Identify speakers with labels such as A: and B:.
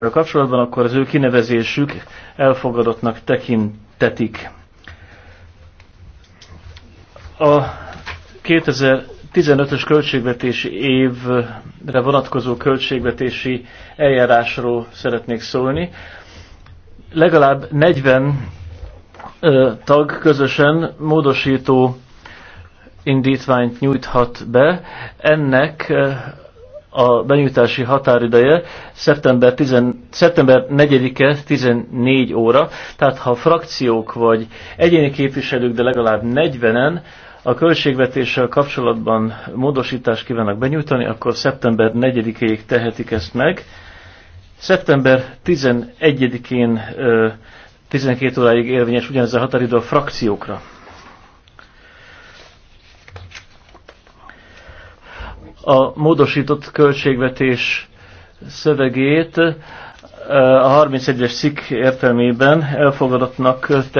A: A kapcsolatban, akkor az ő kinevezésük elfogadottnak tekintetik. A 2015-ös költségvetési évre vonatkozó költségvetési eljárásról szeretnék szólni. Legalább 40 tag közösen módosító indítványt nyújthat be. Ennek a benyújtási határideje szeptember, 10, szeptember 4-e 14 óra, tehát ha frakciók vagy egyéni képviselők, de legalább 40-en a költségvetéssel kapcsolatban módosítást kívánnak benyújtani, akkor szeptember 4-ig tehetik ezt meg. Szeptember 11-én 12 óráig érvényes ugyanez a határidő a frakciókra. a módosított költségvetés szövegét eh, a 31-es szik értelmében elfogadottnak tekintjük.